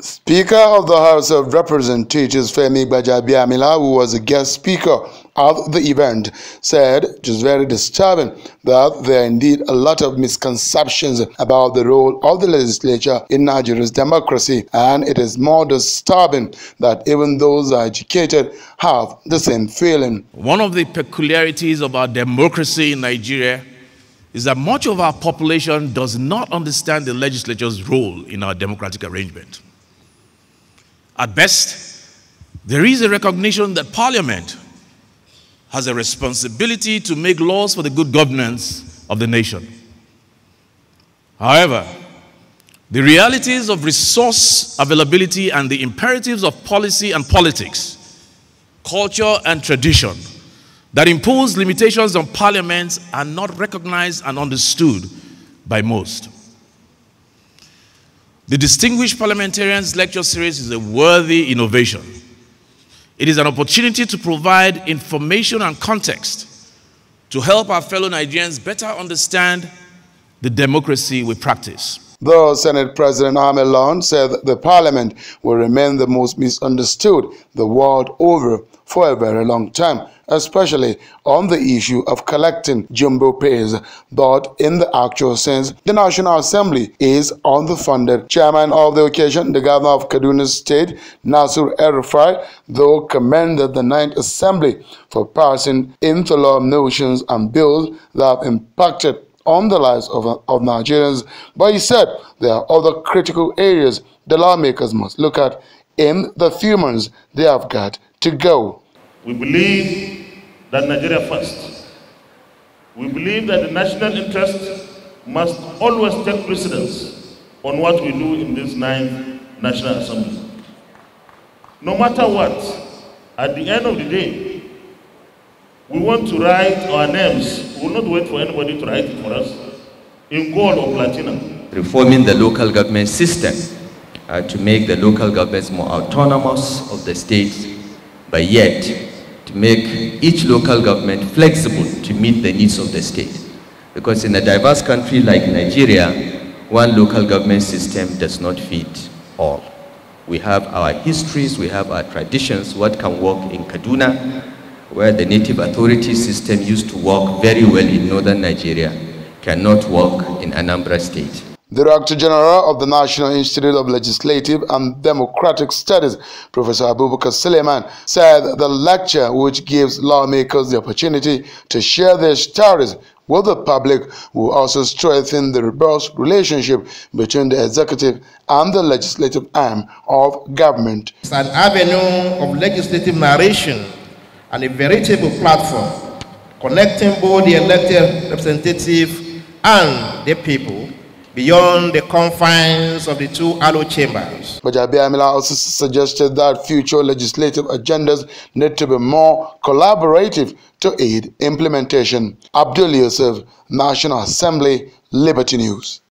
Speaker of the House of Representatives Femi Bajabiyamila, who was a guest speaker at the event, said it is very disturbing that there are indeed a lot of misconceptions about the role of the legislature in Nigeria's democracy, and it is more disturbing that even those educated have the same feeling. One of the peculiarities of our democracy in Nigeria is that much of our population does not understand the legislature's role in our democratic arrangement. At best, there is a recognition that Parliament has a responsibility to make laws for the good governance of the nation. However, the realities of resource availability and the imperatives of policy and politics, culture and tradition that impose limitations on parliaments are not recognized and understood by most. The Distinguished Parliamentarians Lecture Series is a worthy innovation. It is an opportunity to provide information and context to help our fellow Nigerians better understand the democracy we practice. Though Senate President Amelon said the parliament will remain the most misunderstood the world over for a very long time, especially on the issue of collecting jumbo pays. But in the actual sense, the National Assembly is on the funded. Chairman of the occasion, the governor of Kaduna State, Nasir Erifai, though commended the Ninth Assembly for passing into law notions and bills that have impacted on the lives of, of Nigerians, but he said there are other critical areas the lawmakers must look at in the few months they have got to go. We believe that Nigeria first. We believe that the national interest must always take precedence on what we do in this ninth National Assembly. No matter what, at the end of the day, we want to write our names. We will not wait for anybody to write it for us in gold or platinum. Reforming the local government system uh, to make the local governments more autonomous of the states, but yet to make each local government flexible to meet the needs of the state. Because in a diverse country like Nigeria, one local government system does not fit all. We have our histories, we have our traditions, what can work in Kaduna, where the native authority system used to work very well in northern Nigeria cannot work in Anambra State. Director General of the National Institute of Legislative and Democratic Studies, Professor Abubakar Suleiman, said the lecture, which gives lawmakers the opportunity to share their stories with the public, will also strengthen the robust relationship between the executive and the legislative arm of government. It's an avenue of legislative narration and a veritable platform connecting both the elected representative and the people beyond the confines of the two allo chambers. But Bajabiamila also suggested that future legislative agendas need to be more collaborative to aid implementation. Abdul Yusuf, National Assembly, Liberty News.